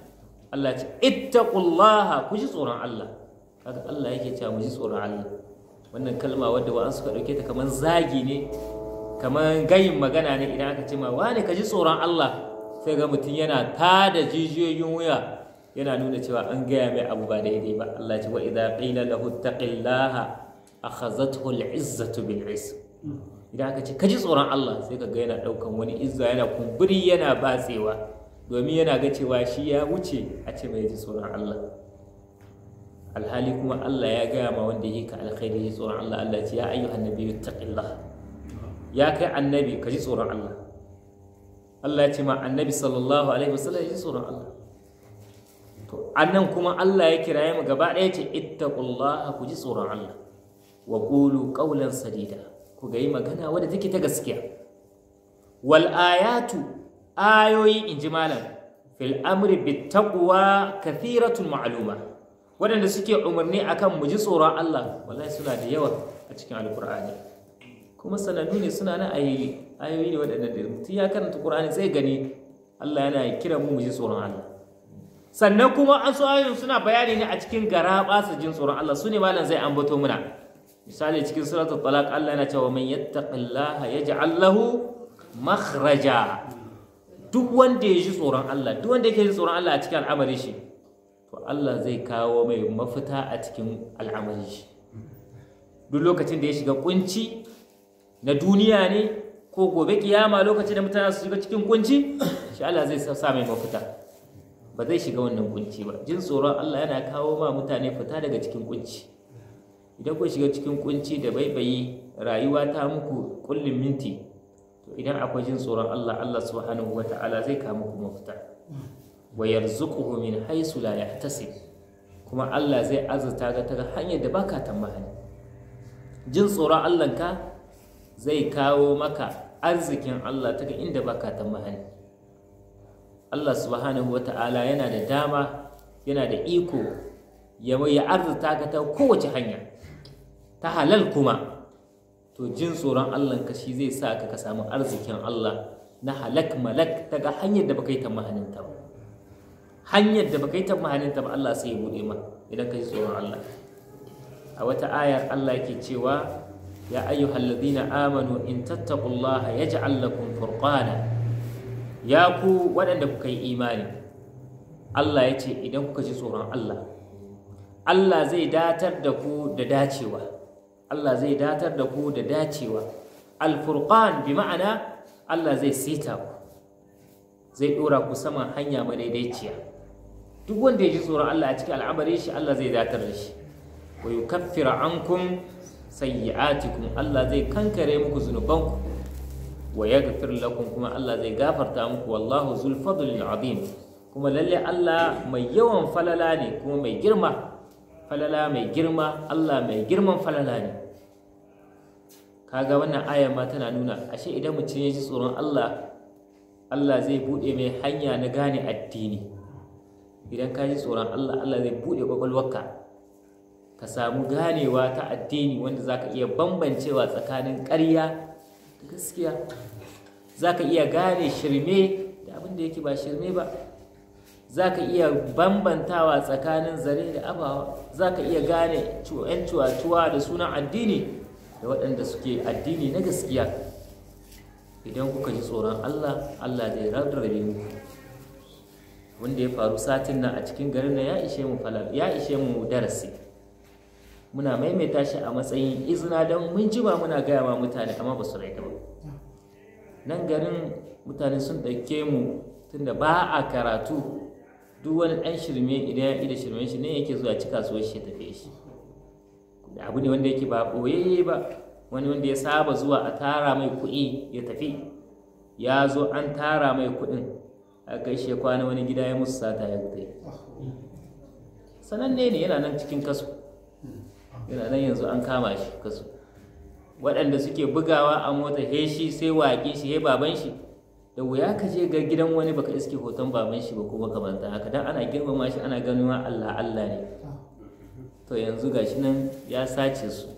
Allah ce ittaqullaha ku ji tsoron Allah kaga Allah yake cewa mu ji tsoron Allah wannan kalma wadda wa'an suka dauke ta kamar zagi ne kamar gayin magana ne idan aka ce ma wani ka ji tsoron Allah sai ga mutum yana tada jijiyoyin wuya yana nuna cewa an gaya mai abu ba daidai ba Allah ce wa idza qila lahu taqillaha akhazathu al-izzatu bil ism idan aka ce ka ji tsoron Allah sai ka ga yana daukan wani izza yana kumburi yana batsewa domin yana ga cewa shi ya wuce a ce mai ji tsoron Allah alhali kuma Allah ya gaya ma wanda yake ka alkhairi ya tsoron Allah Allah ce ya ayyu annabi taqillah ya kai annabi ka ji tsoron Allah Allah ya ce ma annabi sallallahu alaihi wasallam ya ji tsoron Allah to annan kuma Allah ya kiraye mu gaba ɗaya ce ittaqullaha ku ji tsoron Allah wa qulu qawlan sadida ku ga yi magana wadda take ta gaskiya wal ayatu ayoyi in ji malam fil amri bit taqwa kathiratun ma'luma wadanda suke umarni akan mu ji tsoron Allah wallahi suna da yawa a cikin alkur'ani kuma sanannu ne suna na ayoyi ayoyi ne waɗanda da mutum ya karanta qur'ani zai gani Allah yana kiran mu mu ji tsoron Allah sannan kuma an so ayoyin suna bayani ne a cikin garaba su jin tsoron Allah su ne malam zai ambato muna misali cikin suratul talaq Allah yana cewa man yattaqillaha yaj'al lahu makhraja duk wanda ya ji tsoron Allah duk wanda yake ji tsoron Allah a cikin al'amarin shi to Allah zai kawo mai mafita a cikin al'amarin shi duk lokacin da ya shiga kunci na duniya ne ko gobe kiyama lokacin da mutane su shiga cikin kunci shi Allah zai sa mai mafita ba zai shiga wannan kunci ba jin tsoron Allah yana kawo ma mutane fita daga cikin kunci idan ku shiga cikin kunci da baibayi rayuwa ta muku kullum minti to idan akwai jin tsoron Allah Allah subhanahu wa ta'ala zai kama ku mafita wa yarzuquhu min haythu la yahtasib kuma Allah zai azurta ga ta hanyar da baka tambaya jin tsoron Allah ka zai kawo maka arzikin Allah ta inda baka tambaya Allah subhanahu wa ta'ala yana da dama yana da iko ya arzuta ga ta kowace hanya ta halal kuma to jin tsoron Allah ka shi zai sa ka samu arzikin Allah na halak malak daga hanyar da baka yi tamahaninta ba hanyar da baka yi tamahaninta ba Allah sai ya bude ma idan ka ji tsoron Allah a wata ayar Allah yake cewa ya ayyuhal ladina amanu in tattaqullaha yaj'al lakum furqana ya ku waɗanda kuka yi imani Allah ya ce idan kuka ji tsoron Allah Allah zai datar da ku da dacewa Allah zai datar da ku da dacewa alfurqan bi ma'ana Allah zai sita ku zai dora ku saman hanya madaidaiciya duk wanda ya ji tsoron Allah a cikin al'amarin shi Allah zai datar da shi wa yukaffiru ankum sayyi'atikum Allah zai kankare muku zunubanku wa yaghfir lakum kuma Allah zai gafarta muku wallahu zul azim kuma lalle Allah mai yawan falala ne kuma mai girma falala mai girma Allah mai girman falala ne kaga wannan aya ma tana nuna ashe idan mutum ya ji tsoron Allah Allah zai buɗe mai hanya na gane addini idan ka ji tsoron Allah Allah zai buɗe kwakwalwarka ka samu ganewa ta addini wanda zaka iya bambancewa tsakanin ƙarya da gaskiya za iya gane shirme da abin da yake ba shirme ba za ka iya bambantawa tsakanin zare da abawa za ka iya gane yan cuwa da sunan addini da waɗanda suke addini na gaskiya idan kuka ji tsoron allah allah zai rarrabe mu wanda ya faru satin nan a cikin garin nan ya ishe mu darasi muna maimaita shi a matsayin izina don mun jima muna gaya wa mutane amma ba su ba nan garin mutane sun ɗauke mu tunda ba a karatu duk wani ɗan shirme idan ya da shirme shi ne yake zuwa cika su shi ya tafi shi abu ne wanda yake ba ɓoyayye ba wani wanda ya saba zuwa a tara mai kuɗi ya tafi ya zo an tara mai kuɗin a kai shi kwana wani gida ya musu sata ya gudu sananne ne yana nan cikin kasu yana nan yanzu an kama shi kasu waɗanda suke bugawa a mota he shi sai waƙi shi he baban shi da wuya ka je ga gidan wani baka iske hoton baban shi ba ko makamantan haka dan ana girmama shi ana ganin Allah Allah ne to yanzu gashi nan ya sace su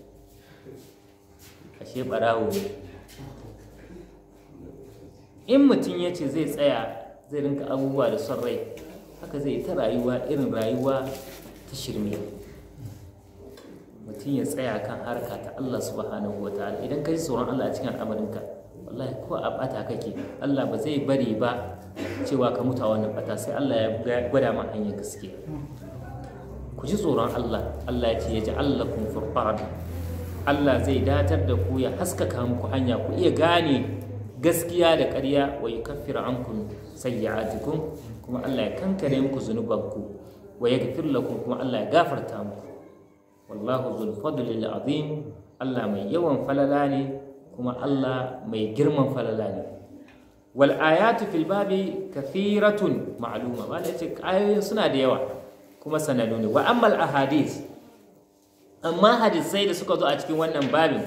ashe barawo in mutum ya ce zai tsaya zai rinka abubuwa da son rai haka zai ta rayuwa irin rayuwa ta shirme mutum ya tsaya kan harka ta Allah subhanahu wataala ta'ala idan ka ji tsoron Allah a cikin al'amarinka wallahi ko a bata kake Allah ba zai bari ba cewa ka mutu a wannan bata sai Allah ya gwada ma hanyar gaske. ku ji tsoron Allah Allah ya ce ya ji Allah kun furfara Allah zai datar da ku ya haskaka muku hanya ku iya gane gaskiya da ƙarya wa yukaffira ankum sayyi'atikum kuma Allah ya kankare muku zunubanku wa yaghfir lakum kuma Allah ya gafarta muku wallahu zul fadlil azim Allah mai yawan falala ne kuma Allah mai girman falala ne wal ayatu fil babi kathiratun ma'luma malai ce ayoyin suna da yawa kuma sanaduni ne wa ammal ahadith amma hadisai da suka zo a cikin wannan babin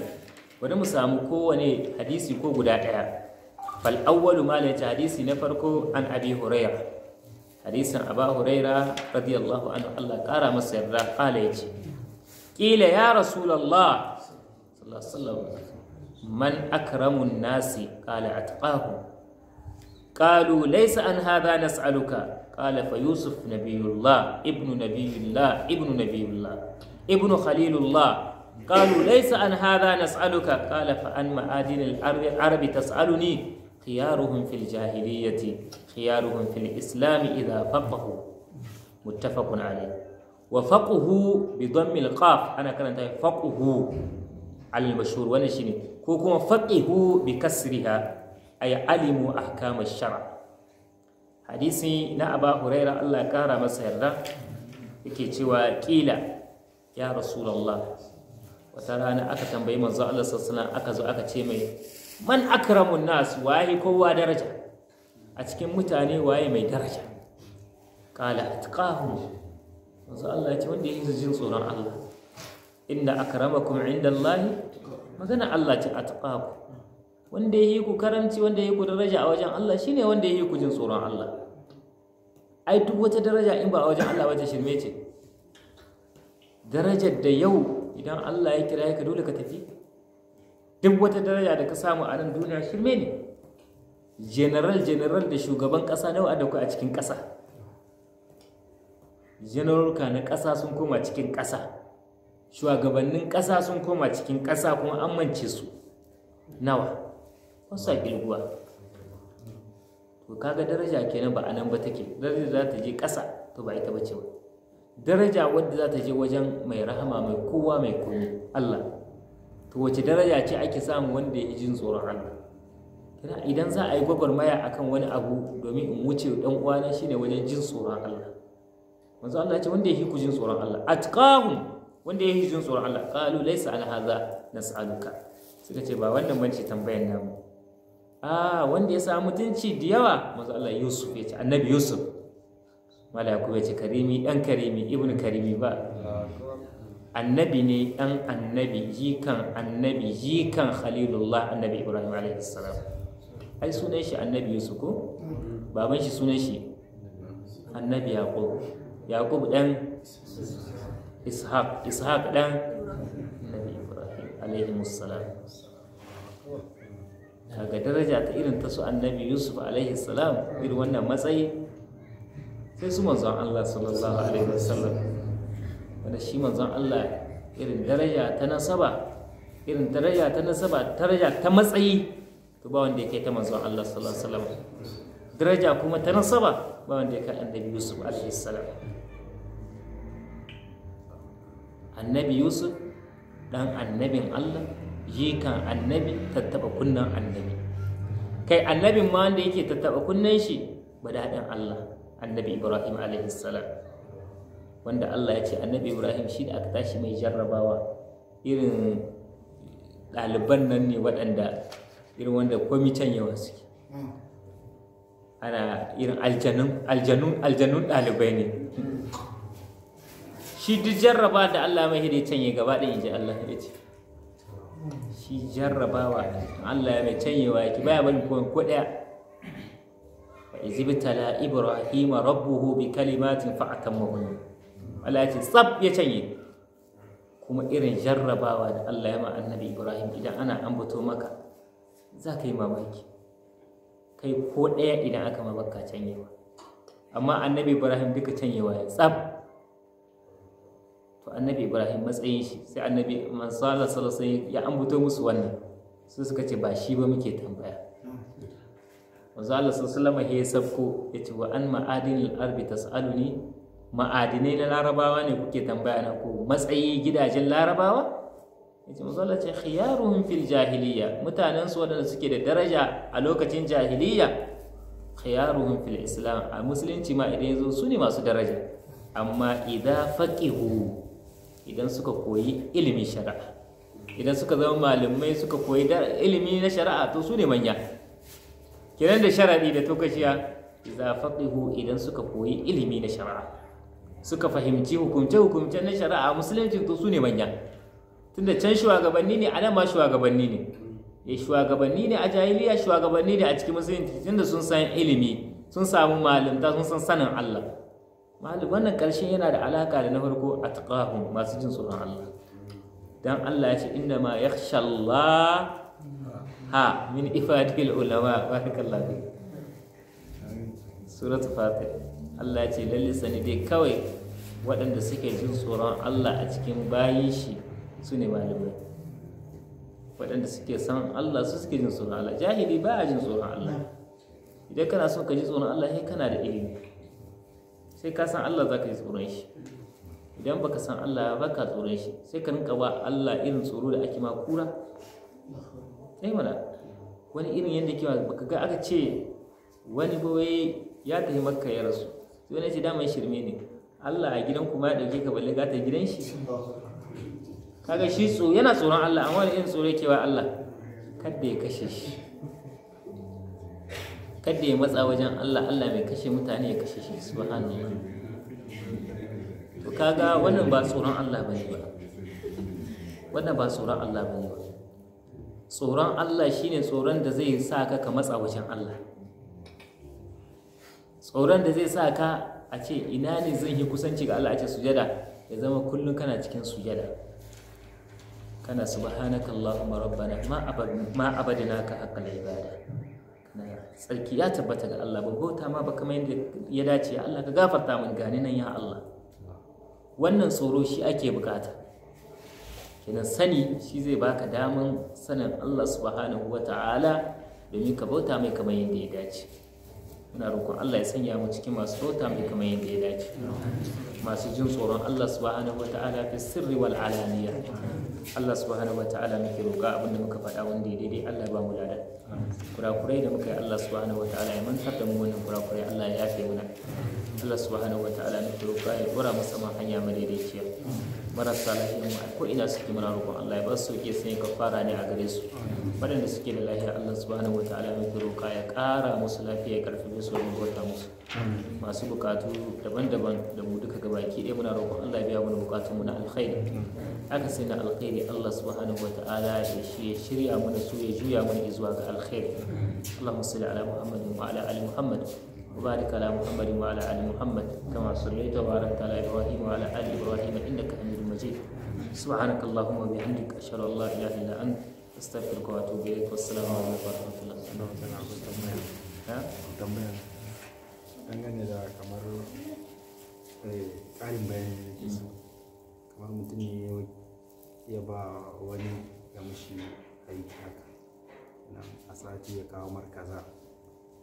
bari mu samu kowane hadisi ko guda ɗaya fal awwalu ma ce hadisi na farko an abi hurairah hadisin aba hurairah radiyallahu anhu Allah kara masa yarda kala yace qila ya rasulullah sallallahu alaihi wasallam man akramun nasi qala atqahu قالوا ليس عن هذا نسألك قال فيوسف نبي الله ابن نبي الله ابن نبي الله ابن خليل الله قالوا ليس عن هذا نسألك قال فأن معادن العرب تسألني خيارهم في الجاهلية خيارهم في الإسلام إذا فقهوا متفق عليه وفقه بضم القاف أنا كنت فقه alal mashhur wannan shine ko kuma faqihu bi kasriha ay alimu ahkam ash-shar hadisi na Aba Huraira Allah ya kara masa yarda yake cewa ƙila ya rasulullah wata rana aka tambayi manzo Allah sallallahu alaihi aka zo aka ce mai man akramun nas waye kowa daraja a cikin mutane waye mai daraja kala atqahum manzo Allah ya ce wanda yake jin tsoron Allah inna akramakum Allah magana Allah ce atqaku wanda yi ku karanci, wanda yi ku daraja a wajen Allah shine wanda yayi ku jin tsoron Allah ai duk wata daraja in ba a wajen Allah wace shirme ce darajar da yau idan Allah ya kira ka dole ka tafi duk wata daraja da ka samu a nan duniya shirme ne general general da shugaban kasa nawa da ku a cikin kasa general ka na kasa sun koma cikin kasa shugabannin ƙasa sun koma cikin ƙasa kuma an mance su nawa wasu a girguwa to kaga daraja kenan ba anan ba take daraja za ta je ƙasa to ba ita ba ce ba daraja wadda za ta je wajen mai rahama mai kowa mai komi Allah to wace daraja ce ake samu wanda ya jin tsoron Allah kina idan za a yi gwagwarmaya akan wani abu domin in wuce dan uwana shine wajen jin tsoron Allah manzo Allah ya ce wanda yake ku jin tsoron Allah atqahum wanda ya yi jin tsoron Allah kalu laisa ala hadha nas'aluka suka ce ba wannan bace tambayar namu ah wanda ya samu mutunci da yawa manzo Allah Yusuf ya ce annabi Yusuf malaku ya ce karimi dan karimi ibnu karimi ba annabi ne dan annabi jikan annabi jikan khalilullah annabi Ibrahim alaihi salam ai sunan shi annabi Yusuf ko baban shi sunan shi annabi Yaqub Yaqub dan ishaq ishaq dan nabi ibrahim alaihi musallam kaga daraja ta irin ta su annabi yusuf alaihi salam irin wannan matsayi sai su manzon allah sallallahu alaihi wasallam wanda shi manzon allah irin daraja ta nasaba irin daraja ta nasaba daraja ta matsayi to ba wanda yake ta manzon allah sallallahu alaihi wasallam daraja kuma ta nasaba ba wanda yake annabi yusuf alaihi salam annabi yusuf ɗan annabin allah jikan annabi tattaɓa kunnan annabi kai annabin ma wanda yake tattaɓa kunnan shi badaɗin allah annabi ibrahim alaihissalam wanda allah ya ce annabi ibrahim shi da aka tashi mai jarrabawa irin ɗaliban nan ne waɗanda irin wanda kwamitan yawan suke hmm. ana irin aljanun ɗalibai ne shi duk jarraba da Allah mai hidi canye gaba ɗaya inji Allah ya ce shi jarrabawa Allah ya mai canyewa ki baya bani ko ko ɗaya wa la ibrahima rabbuhu bi kalimatin fa atammahu Allah ya ce tsab ya canye kuma irin jarrabawa da Allah ya ma annabi Ibrahim idan ana ambato maka za ka yi mamaki kai ko ɗaya idan aka ma baka canyewa amma annabi Ibrahim duka canyewa ya tsab to annabi ibrahim matsayin shi sai annabi mansala salasai ya ambato musu wannan su suka ce ba shi ba muke tambaya manzo Allah sallallahu alaihi ya sabko ya ce wa an ma'adinil arbi tas'aluni ma'adinai na larabawa ne kuke tambaya na ko matsayi gidajen larabawa ya ce manzo Allah ce khiyaruhum fil jahiliya mutanen su wadanda suke da daraja a lokacin jahiliya khiyaruhum fil islam a musulunci ma idan yazo su ne masu daraja amma idan faqihu idan suka koyi ilimin shari'a idan suka zama malamai suka koyi ilimi na shari'a to su ne manya kenan da sharaɗi da tokaciya idza faqihu idan suka koyi ilimi na shari'a suka fahimci hukumce hukumce na shari'a musulunci to su ne manya tunda can shugabanni ne anan ma shugabanni ne ya eh, shugabanni ne a jahiliya shugabanni ne a cikin musulunci tunda sun san ilimi sun samu malamta sun san sanin Allah malu wannan ƙarshen yana da alaƙa da na farko a taƙahun masu jin tsoron Allah don Allah ya ce inda ma ya Allah ha min ifadil ulama barakallahu fi suratu fatir Allah ya ce lalle sani dai kawai waɗanda suke jin tsoron Allah a cikin bayi shi su ne malamai waɗanda suke san Allah su suke jin tsoron Allah jahili ba a jin tsoron Allah idan kana son ka ji tsoron Allah sai kana da ilimi sai ka san Allah za ka yi tsoron shi idan baka san Allah ba ka tsoron shi sai ka rinka ba Allah irin tsoro da ake ma kura sai eh mana wani irin yadda ke baka ga aka ce wani bawai ya tafi makka ya rasu sai wani ce damar shirme ne Allah a gidan kuma ya ɗauke ka balle ka ta gidan shi kaga shi tso yana tsoron Allah amma wani irin tsoro yake ba Allah kada ya kashe shi kada ya matsa wajen Allah Allah mai kashe mutane ya kashe shi subhanallah to kaga wannan ba tsoron Allah bane ba wannan ba tsoron Allah bane ba tsoron Allah shine tsoron da zai sa ka ka matsa wajen Allah tsoron da zai sa ka a ce ina ne zan yi kusanci ga Allah a ce sujada ya zama kullum kana cikin sujada kana subhanakallahumma rabbana ma ka haqqal ibada tsarki ya tabbata ga Allah ban bauta ma ba kamar yadda ya dace ya Allah ka gafarta min gani nan ya Allah wannan tsoro shi ake bukata kenan sani shi zai baka daman sanin Allah subhanahu wa ta'ala domin ka bauta mai kamar yadda ya dace muna roƙon Allah ya sanya mu cikin masu bauta mai kamar yadda ya dace masu jin tsoron Allah subhanahu wa ta'ala fi sirri wal alaniya Allah subhanahu wa ta'ala muke roƙa abinda muka faɗa wanda ya daidai Allah ba mu lada kurakurai da muka yi Allah subhanahu wa ta'ala ya mantar da mu wannan kurakurai Allah ya yafe muna Allah subhanahu wa ta'ala muke roƙa ya dora mu sama hanya madaidaiciya marasa lafiya mu ko ina suke mana roƙon Allah ya ba su sauke sai ka fara ne a gare su waɗanda suke da lafiya Allah subhanahu wataala mai roƙa ya ƙara musu lafiya ya karfafe su wajen bauta musu masu bukatu daban-daban da mu duka gabaki ɗaya muna roƙon Allah ya biya mana bukatun mu na alkhairi aka sai na alkhairi Allah subhanahu wataala ya shi ya shirya mana su ya juya mana zuwa ga alkhairi Allahumma salli ala Muhammadin wa ala ali Muhammad وبارك على محمد وعلى ال محمد كما صليت وباركت على ابراهيم وعلى ال ابراهيم انك حميد tarkace subhanaka allahumma bihamdika ashhadu an la ilaha illa ant astaghfiruka wa atubu ilaik wassalamu alaikum wa rahmatullah sallallahu alaihi wa sallam tambaya tambaya dan gane da kamar eh karin bayani ne kamar mutum ne ya ba wani ya mishi aiki haka nan a sati ya kawo markaza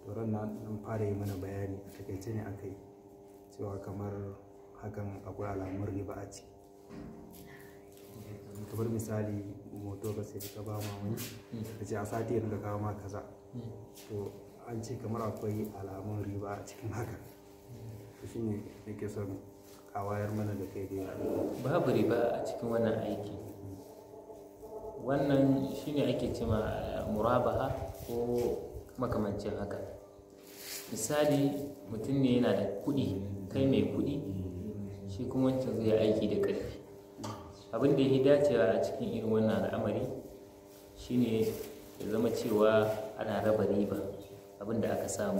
tauran na nan fara yi mana bayani a takaice ne akai cewa kamar hakan akwai alamun riba a ciki kamar misali moto ka sai ka ba ma wani hmm. ka ce a sati ya kawo ma kaza hmm. to an ce kamar akwai alamun riba a cikin haka to shine nake son a wayar mana da kai dai babu riba a cikin wannan aiki wannan shine ake cema eh, murabaha ko makamancin haka misali mutum ne yana da kuɗi kai mai kuɗi shi kuma wancan zai aiki da ƙarfi abin da ya dacewa a cikin irin wannan al'amari shine ya zama cewa ana raba riba abin da aka samu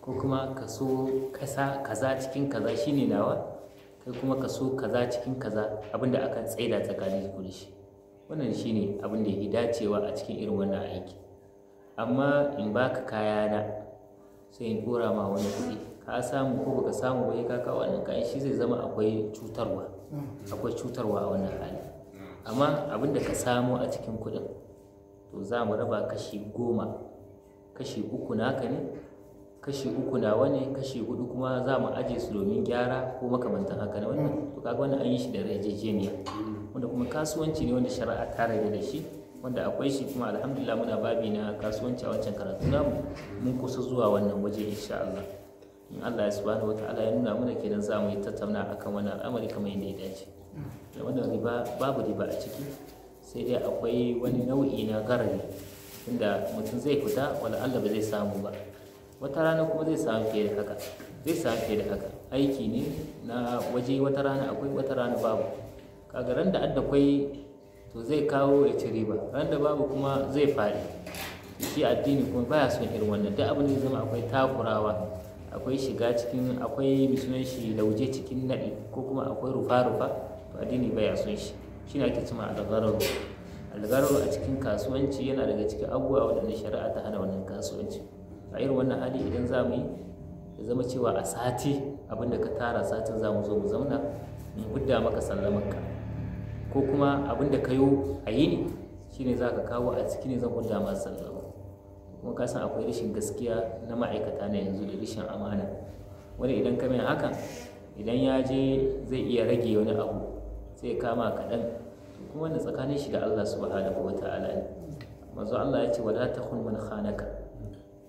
ko kuma kaso kasa kaza cikin kaza shine nawa kai kuma kaso kaza cikin kaza abin da aka tsaida tsakanin ku da shi wannan shine abin da ya dacewa a cikin irin wannan aiki amma in baka kaya na sai in dora ma wani kuɗi ka samu ko baka samu ba ka kawo wannan kayan shi zai zama akwai cutarwa akwai cutarwa a wannan hali amma abin da ka samo a cikin kuɗin to za mu raba kashi goma kashi uku naka ne kashi uku nawa ne kashi hudu kuma za mu aje su domin gyara ko makamantan haka na wannan to kaga wannan an yi shi da yarjejeniya wanda kuma kasuwanci ne wanda shari'a ta rage da shi wanda akwai shi kuma alhamdulillah muna babi na kasuwanci a wancan karatu namu mun kusa zuwa wannan waje insha Allah in Allah ya wa ta'ala ya nuna mana kenan za mu yi tattauna akan wannan al'amari kamar yadda ya dace da wannan riba babu riba a ciki sai dai akwai wani nau'i na garari inda mutum zai fita wala Allah ba zai samu ba wata rana kuma zai samu fiye da haka zai samu fiye da haka aiki ne na waje wata rana akwai wata rana babu kaga ran da adda kwai to zai kawo ya ci riba ran da babu kuma zai faɗi shi addini kuma baya son irin wannan duk abin da zama akwai takurawa akwai shiga cikin akwai misunan shi lauje cikin naɗi ko kuma akwai rufa-rufa to addini baya son shi shi ake cima algararo algararo a cikin kasuwanci yana daga cikin abubuwa waɗanda shari'a ta hana wannan kasuwanci a irin wannan hali idan za mu yi ya zama cewa a sati abinda ka tara satin za mu zo mu zauna mu gudda maka sallamanka ko kuma abinda ka yi a shi shine za ka kawo a ciki ne zan gudda masu sallama kuma ka san akwai rashin gaskiya na ma'aikata na yanzu da rashin amana wani idan ka mai hakan idan ya je zai iya rage wani abu sai kama kaɗan kuma wanda tsakanin shi da Allah subhanahu wa ta'ala ne Mazu Allah ya ce wala takhun khanaka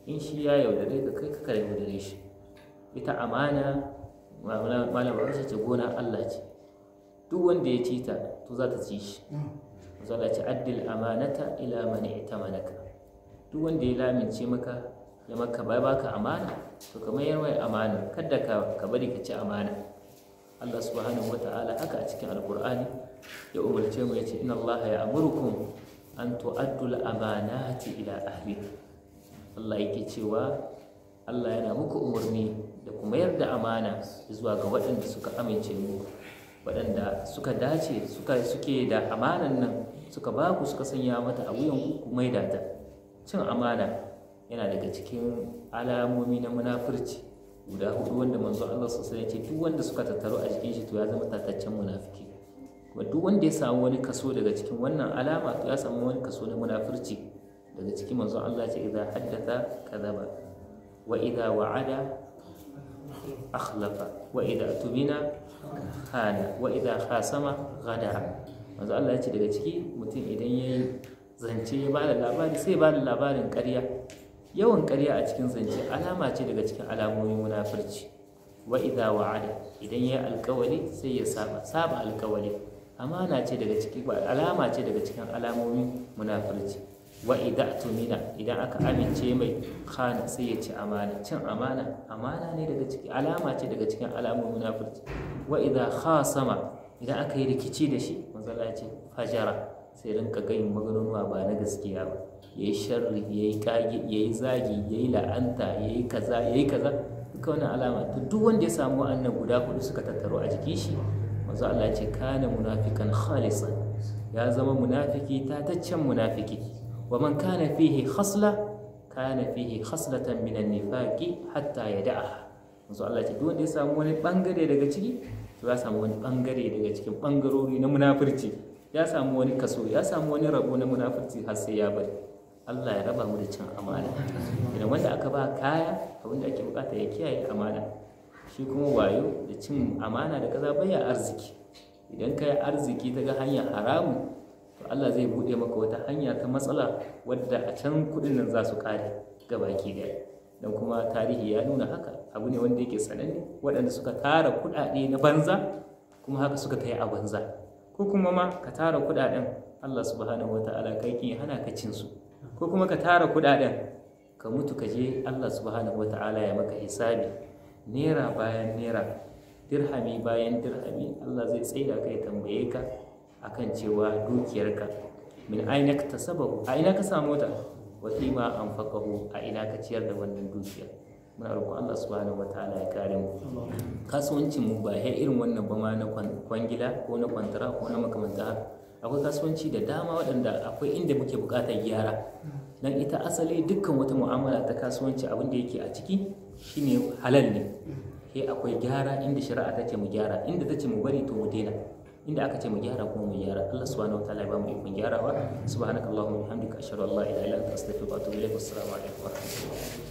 in shi ya yaudare ka kai ka yaudare shi ita amana malam ce gona Allah ce duk wanda ya ci ta to za ta ci shi mm. manzo Allah ya ce addil amanata ila ita manaka duk wanda ya lamince maka ya maka bai baka amana to kamar yarwai amana kada ka ka bari ka ci amana Allah subhanahu wata'ala haka a cikin alkur'ani ya umarce mu yace inna Allah ya amurukum an tu'addu al-amanati ila ahli Allah yake cewa Allah yana muku umarni da kuma yarda amana zuwa ga waɗanda suka amince mu waɗanda suka dace suka suke da amanan nan suka baku suka sanya mata a wuyan ku maida ta cin amana yana daga cikin alamomi na munafurci guda hudu wanda manzo Allah sosai ya ce duk wanda suka tattaru a jikin shi to ya zama tataccen munafiki kuma duk wanda ya samu wani kaso daga cikin wannan alama to ya samu wani kaso na munafurci daga cikin manzo Allah ce idza haddatha kadhaba wa idza wa'ada akhlafa wa idza tumina khana wa idza khasama ghadara manzo Allah ya ce daga ciki mutum idan yayi zance ya da labari sai ya da labarin ƙarya yawan ƙarya a cikin zance alama ce daga cikin alamomin munafurci wa idza wa'ada idan ya alƙawari sai ya saba saba alƙawari amana ce daga cikin alama ce daga cikin alamomin munafurci wa idza tumina idan aka amince mai khana sai ya ci amana cin amana amana ne daga cikin alama ce daga cikin alamomin munafurci wa idza khasama idan aka yi rikici da shi manzo Allah ya ce fajara sai rinka gayin maganunuwa ba na gaskiya ba ya yi sharri ya yi kage ya yi zagi ya yi la'anta ya yi kaza ya yi kaza duka alama to duk wanda ya samu wa'annan guda hudu suka tattaru a jikin shi manzo Allah ce kana munafikan khalisan ya zama munafiki tataccen munafiki wa man kana fihi khasla kana fihi khaslatan min an-nifaqi hatta yada'aha manzo Allah ce duk wanda ya samu wani bangare daga ciki to ya samu wani bangare daga cikin bangarori na munafurci ya samu wani kaso ya samu wani rabo na munafurci har sai ya bari Allah ya raba mu da cin amana idan wanda aka ba kaya abinda da ake bukata ya kiyaye amana shi kuma wayo da cin amana da kaza baya arziki idan ka arziki ta ga hanyar haramu to Allah zai buɗe maka wata hanya ta matsala wadda a can kuɗin nan za su kare ga baki daya. don kuma tarihi ya nuna haka abu ne wanda yake sananne waɗanda suka tara kuɗaɗe na banza kuma haka suka ta a banza ko kuma ma ka tara kudaden Allah subhanahu wata'ala kai kin hana ka cin su ko kuma ka tara kudaden ka mutu ka je Allah subhanahu wata'ala ya maka hisabi nera bayan nera dirhami bayan dirhami Allah zai tsaida ka ya tambaye ka akan cewa dukiyarka min aina ka tasabahu a ina ka samu ta wa ma anfaqahu a ina ka ciyar da wannan dukiyar muna roƙon Allah subhanahu wataala ya kare mu kasuwancin mu ba har irin wannan ba ma na kwangila ko na kwantara ko na makamanta akwai kasuwanci da dama waɗanda akwai inda muke buƙatar gyara dan ita asali dukkan wata mu'amala ta kasuwanci abin da yake a ciki shine halal ne sai akwai gyara inda shari'a ta ce mu gyara inda ta ce mu bari to mu daina inda aka ce mu gyara kuma mu gyara Allah subhanahu wataala ya ba mu ikon gyarawa subhanakallahumma wa bihamdika ashhadu an la ilaha illa anta astaghfiruka wa atubu ilaik wassalamu alaikum wa rahmatullahi